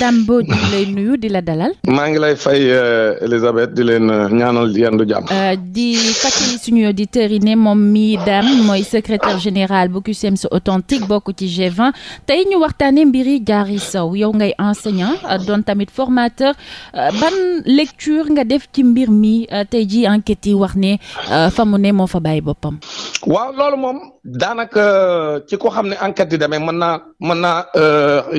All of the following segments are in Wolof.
Dame Mbodj di la dalal. maa ngi lay fay euh, Elisabeth di leen euh, ñaanal yendu jàmm. Euh, di fàttali suñu auditeurs yi ne moom mi Dame mooy secrétaire général bu CUSEMS authentique bokk ci G20 tey ñu waxtaanee mbiri Diary Sow yow ngay enseignant doon tamit formateur ban lecture nga def ci mbir mi tey ji enquête yi wax ne famu ne moo fa bàyyi boppam. waaw loolu moom daanaka ci ko xam ne enquête yi demee mën na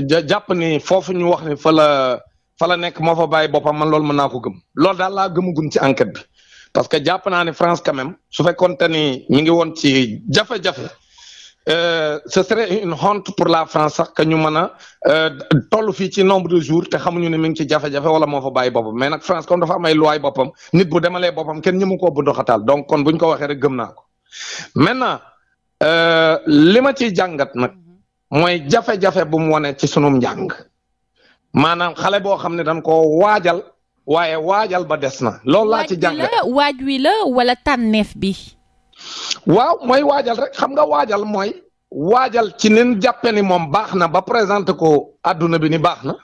jàpp ni foofu ñu wax. ne la fa la nekk moo fa bàyyi boppam man loolu mën naa ko gëm loolu daal laa gëmagun ci enquête bi parce que jàpp naa ne France quand même su fekkoon te ni mi ngi woon ci jafe-jafe euh, ce serait une pour la France sax ñu mën a euh, toll fii ci nombre de jour te xamuñu ne mi ngi ci jafe-jafe wala moo fa bàyyi boppam mais nag France comme dafa am ay loi boppam nit bu demalee boppam kenn ñëmu koo bundoxataal donc kon buñ ko waxee rek gëm naa ko maintenant euh, li ma ciy jàngat nag mm-hmm. mooy jafe-jafe bu mu wane ci sunum njàng. maanaam xale boo xam ne dañ koo waajal waaye waajal ba des na. loolu laa ci jàngat waaj wi la wala tànneef bi. waaw mooy waajal rek xam nga waajal mooy. waajal ci nin jàppe ni moom baax na ba présenté ko àdduna bi ni baax na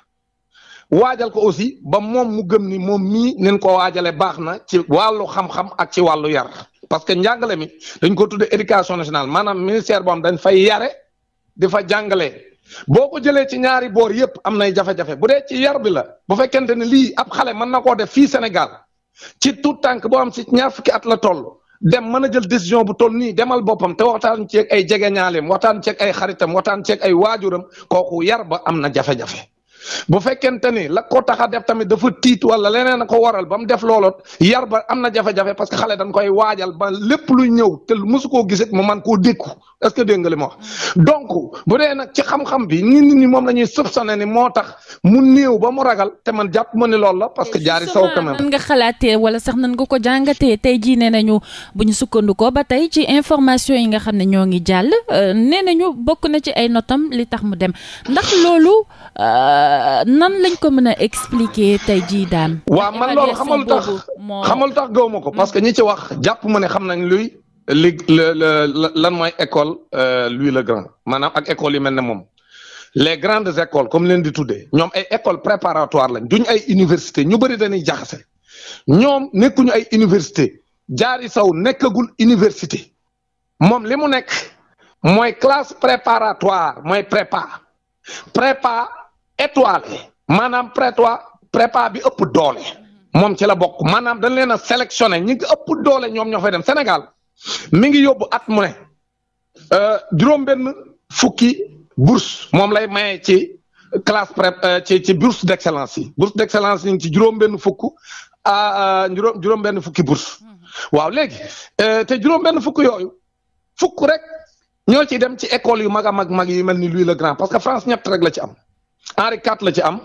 waajal ko aussi ba moom mu gëm ni moom mii nin ko waajale baax na ci wàllu xam-xam ak ci wàllu yar parce que njàngale mi dañ ko tudde éducation national maanaam ministère boo am dañ fay yare di fa jàngale boo ko jëlee ci ñaari boor yépp am nay jafe-jafe bu dee ci yar bi la bu fekkente ne lii ab xale mën na koo def fii Sénégal ci tout tànk boo am ci ñaar fukki at la toll dem mën a jël décision bu toll nii demal boppam te waxtaan ceeg ay jegeñaaleem waxtaan ceeg ay xaritam waxtaan ceeg ay waajuram kooku yar ba am na jafe-jafe bu fekkente ni la ko tax a def tamit dafa tiit wala leneen a ko waral ba mu def loolot yar ba am na jafe-jafe parce que xale dañ koy waajal ba lépp lu ñëw te mosu koo gis it mu man koo dékku est ce que dégg nga li ma wax. Mm. donc bu dee nag ci xam-xam bi nit ñi moom la ñuy soupçonné ni moo tax mu néew ba mu ragal te man jàpp ma ni loolu la parce que jaari saw quand même. nan nga xalaatee wala sax nan nga ko jàngatee tey jii nee nañu bu ñu sukkandikoo ba tey ci information yi nga xam ne ñoo ngi jàll euh, nee nañu bokk na ci ay notam li tax mu dem ndax loolu. Euh, nan lañ ko mën a expliquer tey jii daan. waaw man loolu xamal tax xamal tax gaw ma ko parce que ñi ci wax jàpp ma ne xam nañ luy li lan mooy école euh, Louis le Grand maanaam ak école yi mel ne moom. les grandes écoles comme leen di tuddee ñoom ay école préparatoire lañ duñ ay université ñu bëri dañuy jaxase ñoom nekkuñu ay université jaari saw nekkagul université moom li mu nekk mooy classe préparatoire mooy prépa prépa étoilé maanaam prépa prépa bi ëpp doole moom ci la bokk maanaam dañ leen a sélectionné ñi ëpp doole ñoom ñoo fay dem Sénégal mi ngi yóbbu at mu ne euh, juróom fukki bourse moom lay maye ci classe prép euh, ci ci bourse d' yi bourse d' excellence yi ci juróom-benn fukk a euh, juróom-benn fukki bourse hmm. waaw léegi te juróom-benn fukki yooyu fukk rek ñoo ci dem ci école yu mag a mag mag yu mel ni Louis le Grand parce que France ñett rek la ci am. Henri IV la ci am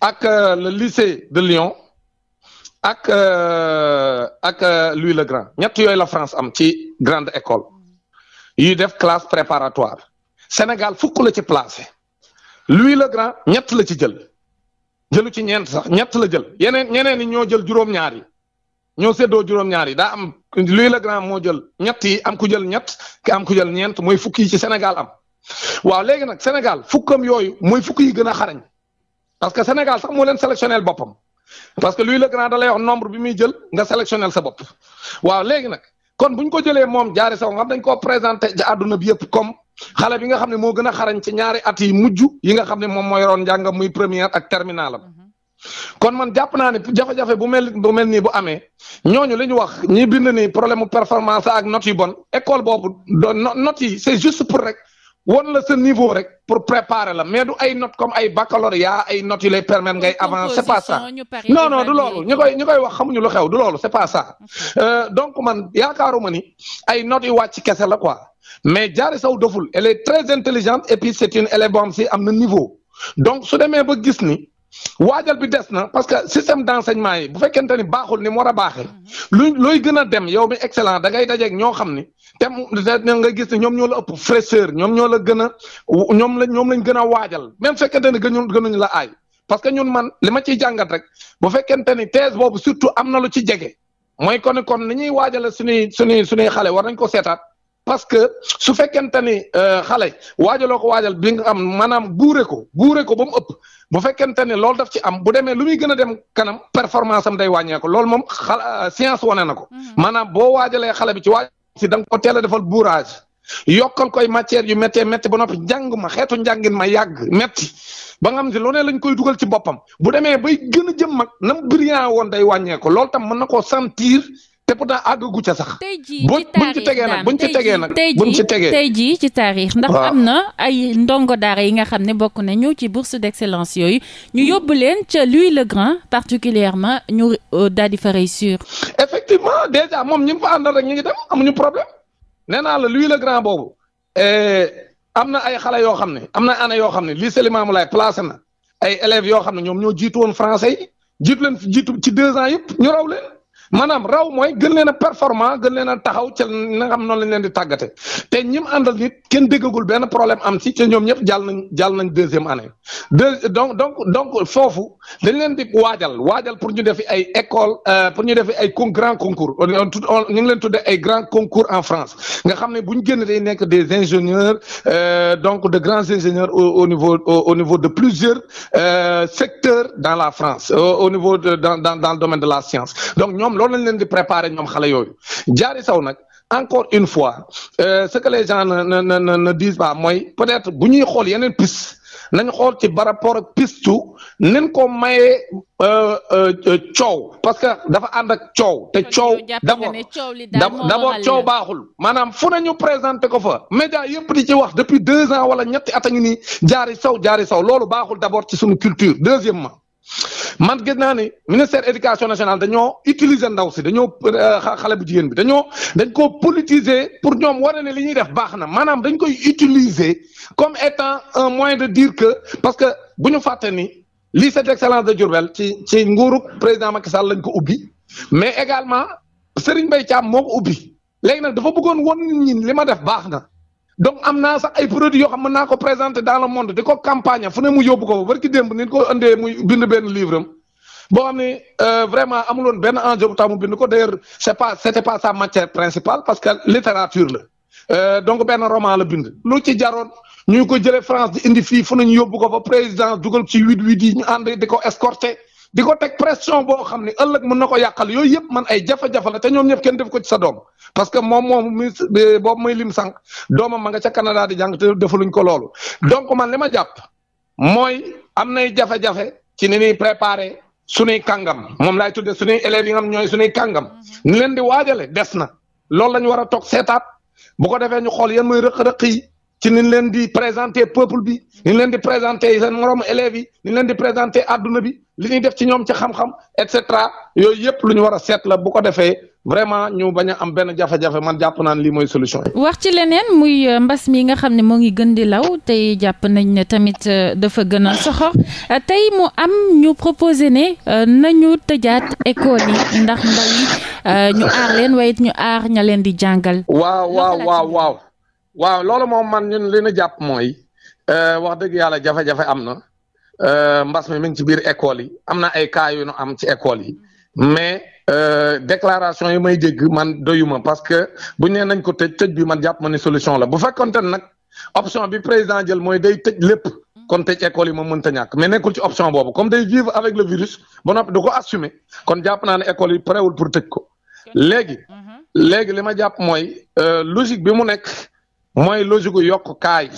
ak euh, le lycée de Lyon ak euh, ak euh, Louis le Grand ñett yooyu la France am ci grande école yuy def classe préparatoire Sénégal fukk la ci placé Louis le Grand ñett la ci jël jëlu ci ñeent sax ñett la jël yeneen ñeneen ñi ñoo jël juróom-ñaar yi ñoo séddoo juróom-ñaar daa am Louis le Grand moo jël ñett yi am ku jël ñett ki am ku jël ñeent mooy fukk ci Sénégal am. waaw léegi nag Sénégal fukkam yooyu mooy fukk yi gën a xarañ parce que Sénégal sax moo leen sélectionnel boppam parce que luy la grand da lay nombre bi muy jël nga sélectionnel sa bopp waaw léegi nag kon bu ñu ko jëlee moom jaari saw nga xam dañ koo présenté ci àdduna bi yëpp comme xale bi nga xam ne moo gën a xarañ ci ñaari at yi mujj yi nga xam ne moom mooy roon njàngam muy première ak terminalam mm-hmm. kon man jàpp naa ne jafe-jafe bu mel bu mel nii bu amee ñooñu li ñu wax ñi bind ni problème mu performance ak notes yu bon école boobu do notes yi c'est juste pour rek won la sa niveau rek pour préparer la mais du ay not comme ay baccalauréat ay notes yu lay permettre ngay avancer c'est pas ça non non du loolu ñu koy ñu koy wax xamuñu lu xew du loolu c'est pas ça euh, donc man yaakaaruma ni ay notes yu wàcc kese la quoi mais Diary Sow doful elle est très intelligente et puis c'est une si am na niveau donc su demee ba gis ni waajal bi des na parce que système d' enseignement yi bu fekkente ni baaxul ni mu war a baaxee lu looy gën a dem yow mi excellent da ngay dajeeg ñoo xam ni te nga gis ne ñoom ñoo la ëpp fraîcheur ñoom ñoo la gën a ñoom la ñoom lañ gën a waajal même fekkente ni gënuñ gënuñ la aay parce que ñun man li ma ciy jàngat rek bu fekkente ni thèse boobu surtout am na lu ci jege mooy kon kon ni ñuy waajale suñuy suñuy suñuy xale war nañ ko seetaat parce que su fekkente ni euh, xale waajaloo ko waajal bi nga am maanaam guure ko guure ko ba mu ëpp bu fekkente ni loolu daf ci am bu demee lu muy gën a dem kanam performance am day wàññeeku loolu moom xala euh, science wane na ko. Mm-hmm. maanaam boo waajalee xale bi ci waaj si da nga ko teel a defal bourrage. yokkal koy matière yu méttee métti ba noppi njàng ma xeetu njàngin ma yàgg métti ba nga xam si lu ne lañ koy dugal ci boppam bu demee bay gën a jëm mag nam brillant woon day wàññeeku loolu tam mën te pourtant àggagu ca sax. tey jii ci taarix buñ ci tegee nag buñ ci tegee tey jii ci taarix ndax am na ay ndongo daara yi nga xam ne bokk nañu ci bourse d'excellence yooyu ñu mm. yóbbu leen ca Louis le Grand particulièrement ñu euh, daal di fa réussir. effectivement déjà moom ñi mu fa àndal rek ñu ngi dem amuñu problème nee naa la Louis le Grand boobu eh, am na ay xale yoo xam ne am na année yoo xam ne lycée Limamoulaye placé na ay élèves yoo xam ne ñoom ñoo jiitu woon français yi jiitu leen jiitu ci ans yëpp ñu raw leen. maanaam raw mooy gën leen a performant gën leen a taxaw ca na nga xam noonu lañ leen di tàggate te ñim àndal nit kenn déggagul benn problème am si ca ñoom ñëpp jàll nañ jàll nañ deuxième année deux donc donc donc foofu dañ leen di waajal waajal pour ñu defi ay école euh, pour ñu defi ay con grand concours ñu ngi leen tuddee ay grand concours en France nga xam ne bu ñu génn day nekk des ingénieurs euh, donc de grands ingénieurs au niveau au niveau de plusieurs euh, secteurs dans la France au niveau de dans dans dans le domaine de la science donc loolu lañ leen di préparer ñoom xale yooyu jaari saw nag encore une fois euh, ce que les gens ne ne ne ne disent pas mooy peut-être bu ñuy xool yeneen piste nañ xool ci par rapport ak piste nañ ko mayee euh, euh, coow parce que dafa ànd ak coow. te coow d'abord d'abord coow baaxul maanaam fu nañu présenté ko fa média yëpp di ci wax depuis deux ans wala ñetti at a ngi nii jaari saw jaari saw loolu baaxul d'abord ci suñu culture deuxièmement man gis naa ni ministère éducation nationale dañoo utiliser ndaw si dañoo euh, xale bu jigéen bi dañoo dañ koo politiser pour ñoom wane ne li ñuy def baax na maanaam dañ koy utiliser comme étant un moyen de dire que parce que bu ñu fàtte ni lycée d'excellence de Diourbel ci ci nguuru président Macky Sall lañ ko ubbi mais également Serigne Mbaye caam moo ko ubbi léegi nag dafa bëggoon woon ñi li ma def baax na. donc am na sax ay produits yoo xam mën naa ko présenté dans le monde di ko campagne fu mu yóbbu ko fa barki démb ni ko indee muy bind benn livre am boo xam ne euh, vraiment amuloon benn enjeu bu tax mu bind ko d'ailleurs c'est pas sa matière principale parce que littérature la euh, donc benn roman la bind lu ci jaroon ñu ko jëlee France di indi fii fu ne ñu yóbbu ko fa président dugal ci huit huit yi ñu ànd di ko escorter di ko teg pression boo xam ne ëllëg mën na ko yàqal yooyu yëpp man ay jafe-jafe la te ñoom ñëpp kenn def ko ci sa doom parce que moom moom mi eh, boobu muy lim sànq doomam ma nga ca Canada di jàng te defaluñ ko loolu donc man li ma jàpp mooy am nay jafe-jafe ci ni ñuy préparé suñuy kàngam moom laay tuddee suñuy élèves yi nga xam ñooy suñuy kàngam ni leen di waajale des na loolu la ñu war a toog seetaat bu ko defee ñu xool yan muy rëq-rëq yi ci ni leen di présenter peuple bi ni leen di présenter seen moromu élèves yi ni leen di présenter bi li ñuy def ci ñoom ci xam-xam et cetera yooyu yëpp lu ñu war a seet la bu ko defee vraiment ñu bañ am benn jafe-jafe man jàpp naa ne lii mooy solution wax ci leneen muy euh, mbas mi nga xam ne moo ngi gën di law tey jàpp nañ ne tamit euh, dafa gën a soxor tey mu am ñu proposé ne euh, nañu tëjaat école yi ndax ndaw yi ñu aar leen waaye it ñu aar ña leen di jàngal. waaw waaw waaw waaw waaw loolu moom man ñun li ñu jàpp mooy wax dëgg yàlla jafe-jafe am na. Euh, mbas mi mi ngi ci biir école yi am na ay cas yu nu am ci école yi mais euh, déclaration yi may dégg man doyuma parce que bu nee nañ ko tëj tëj bi man jàpp ma ne solution la bu fekkonte nag option bi président jël mooy day tëj lépp kon tëj école yi moom mënta ñàkk mais nekkul ci option boobu comme day vivre avec le virus ba du ko assumer kon jàpp naa ne école yi pareewul pour tëj ko léegi léegi li ma jàpp mooy euh, logique bi mu nekk mooy logique yokk kaay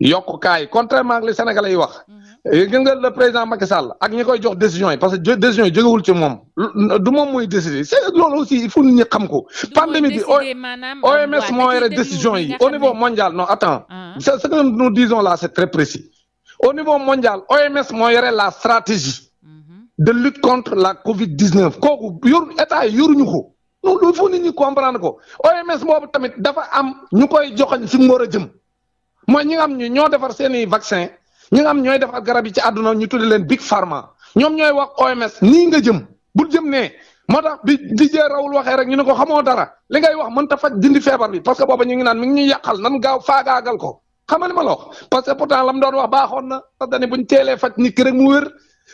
yokk kaay contrairement ak li yi wax. Mm. gis nga le président Macky ak ñi koy jox décision yi parce que décision yi jógewul ci moom du moom mooy décider c'est loolu aussi il faut nit ñi ko pandémie bi OMS moo yore décision yi au mondial non attends ah. ce que nous disons là c'est très précis au OMS moo yore la stratégie mm-hmm. de lutte contre la Covid-19 kooku yor état yoru yoruñu ko loolu il faut nit ñi comprendre ko OMS boobu tamit dafa am ñu koy joxañ fi mu war a jëm mooy ñi nga xam ñoo defar seeni vaccin ñi nga xam ñooy defar garab yi ci àdduna ñu tuddi leen big pharma ñoom ñooy wax OMS nii nga jëm bul jëm nee moo tax bi di jee rawul waxee rek ñu ne ko xamoo dara li ngay wax mën ta faj dindi feebar bi parce que booba ñu ngi naan mi ngi ñuy yàqal nan gaaw faagaagal ko xamal ma la wax parce que pourtant la mu doon wax baaxoon na parce que dañ buñ teelee faj nit rek mu wér.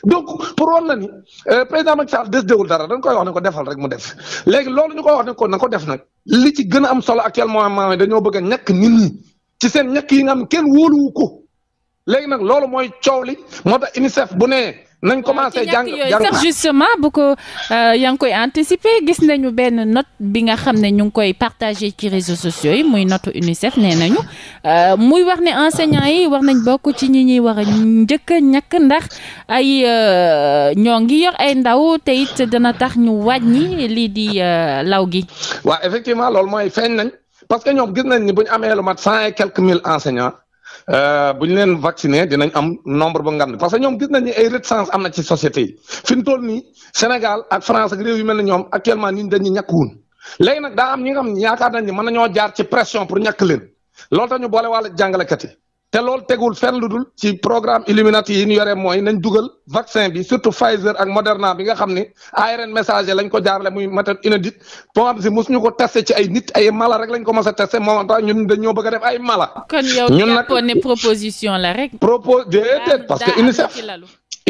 donc pour woon na ni euh, président Macky Sall des dara dañ koy wax ne ko defal rek mu def léegi loolu ñu ko wax ne ko na ko def nag li ci gën a am solo actuellement dañoo bëgg a ñàkk nit ñi ci seen ñàkk yi nga xam kenn wóoluwu ko. léegi nag loolu mooy coow li moo tax UNICEF bu nee nañ commencé jàng jàng sax justement bu ko euh, yaa ngi koy anticiper gis nañu benn note bi nga xam ne ñu ngi koy partagé ci réseaux sociaux yi muy note UNICEF nee nañu euh, muy wax ne enseignants yi wax nañ bokk ci ñi ñuy wax njëkk a ñàkk ndax ay euh, ñoo ngi yor ay ndaw te dana tax ñu wàññi lii di law gi. waaw effectivement loolu mooy feeñ nañ parce que ñoom gis nañ ni bu ñu amee lu mat cent et quelques Euh, bu ñu leen vacciner dinañ am nombre ba ngand parce que ñoom gis nañ ni ay réticence am na ci société yi fi toll nii Sénégal ak France ak réew yu mel ñoom actuellement nit dañu ñàkk woon léegi nag daa am ñi nga xam yaakaar nañ ni mën nañoo jaar ci pression pour ñàkk leen loolu tax ñu boole wàll yi te loolu tegul fenn dul ci programme Illuminati yi ñu yore mooy nañ dugal vaccin bi surtout Pfizer ak Moderna bi nga xam ni ARN message lañ ko jaarale muy méthode inédite boo xam si mosuñu ko testé ci ay nit ay mala rek lañ ko mos a testé moom tax ñun dañoo bëgg a def ay mala. kon yow jàppoon ne proposition la rek. propos déedéet parce que UNICEF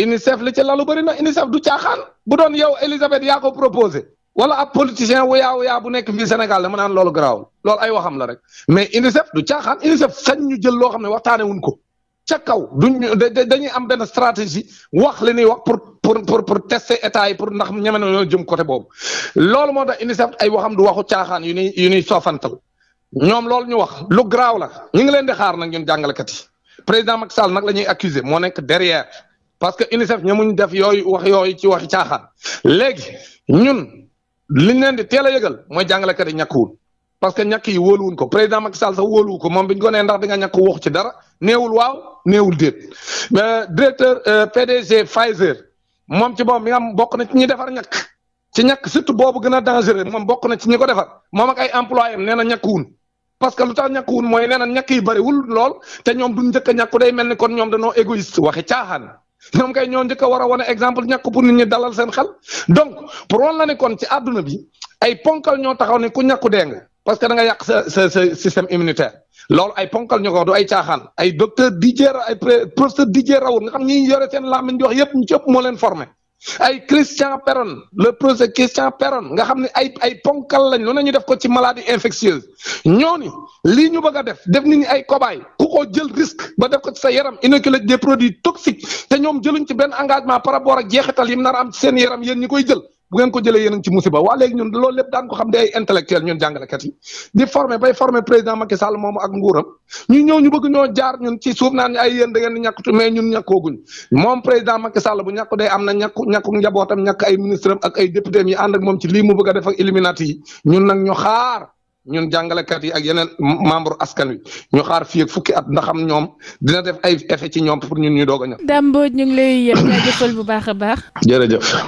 UNICEF li ci lalu bëri na UNICEF du caaxaan bu doon yow Elisabeth yaa ko proposé. wala ab politicien wuyaa wuyaa bu nekk fii Sénégal dama naan loolu garaawul loolu ay waxam la rek mais UNICEF du caaxaan UNICEF sañ ñu jël loo xam ne waxtaane wuñ ko ca kaw duñ dañuy am benn stratégie wax li ñuy wax pour pour pour pour tester état yi pour ndax ñeme na jëm côté boobu lool moo tax UNICEF ay waxam du waxu caaxaan yu ni yu ñuy soofantal ñoom loolu ñu wax lu garaaw la ñu ngi leen di xaar nag ñun jàngalekat yi président mac Sall nag la ñuy accuser moo nekk derrière parce que UNICEF ñamuñ def yooyu wax yooyu ci waxi caaxaan léegi liñ leen di teel a yëgal mooy jàngalekat yi ñàkkuwul parce que ñàkk yi wóoluwuñ ko président mak Sall sax wóoluwu ko moom bi ñu ko nee ndax di nga ñàkk wax ci dara néewul waaw néewul déet directeur euh, PDG Pfizer moom ci boom mi nga xam na ci ñi defar ñàkk ci ñàkk surtout boobu gën a dangereux moom bokk na ci ñi ko defar moom ak ay employé am nee na ñàkkuwun parce que a tax ñàkkuwun mooy nee na ñàkk yi bëriwul lool te ñoom duñ njëkk a ñàkku day mel ni kon ñoom dañoo égoïste waxi caaxaan ñoom kay ñoo njëkk a war a wane exemple ñàkk pour nit ñi dalal seen xel donc pour wan la ne kon ci àdduna bi ay ponkal ñoo taxaw ne ku ñàkku dee nga parce que da nga yàq sa sa sa système immunitaire loolu ay ponkal ñoo ko du ay caaxaan ay docteur Didier ay professeur Didier Raoult nga xam ñi yore seen làmmiñ di wax yëpp ñu ci ëpp moo leen formé ay Christian Peron le projet Christian Peron nga xam ne ay ay ponkal lañ lu ne ñu def ko ci maladie infectieuse ñooñu lii ñu bëgg def def nit ñi ay cobaye ku ko jël risque ba def ko ci sa yaram inoculé des produits toxiques te ñoom jëluñ ci benn engagement par rapport a jeexital yi mu am ci seen yaram yéen ñu koy jël. bu ngeen ko jëlee yéen a ci musiba waa léegi ñun loolu lépp daan ko xam de ay intellectuel ñun jàngalekat di former bay former président Macky Sall moomu ak nguuram ñu ñëw ñu bëgg ñoo jaar ñun ci suuf naan ay yéen da ngeen di ñàkkutu mais ñun ñàkkooguñ bu ñàkku day am na ñàkku ñàkku njabootam ñàkk ay ministre ak ay député am yi ànd ak moom ci lii mu bëgg a def ak Illuminati yi ñun nag ñu xaar ñun jàngalekat yi ak yeneen membre askan wi ñu xaar fii ak fukki at ndaxam ñoom dina def ay effet ci ñoom pour ñun ñu doog a ñor. Dame Mbodj ñu ngi lay jaajëfal a baax. jërëjëf.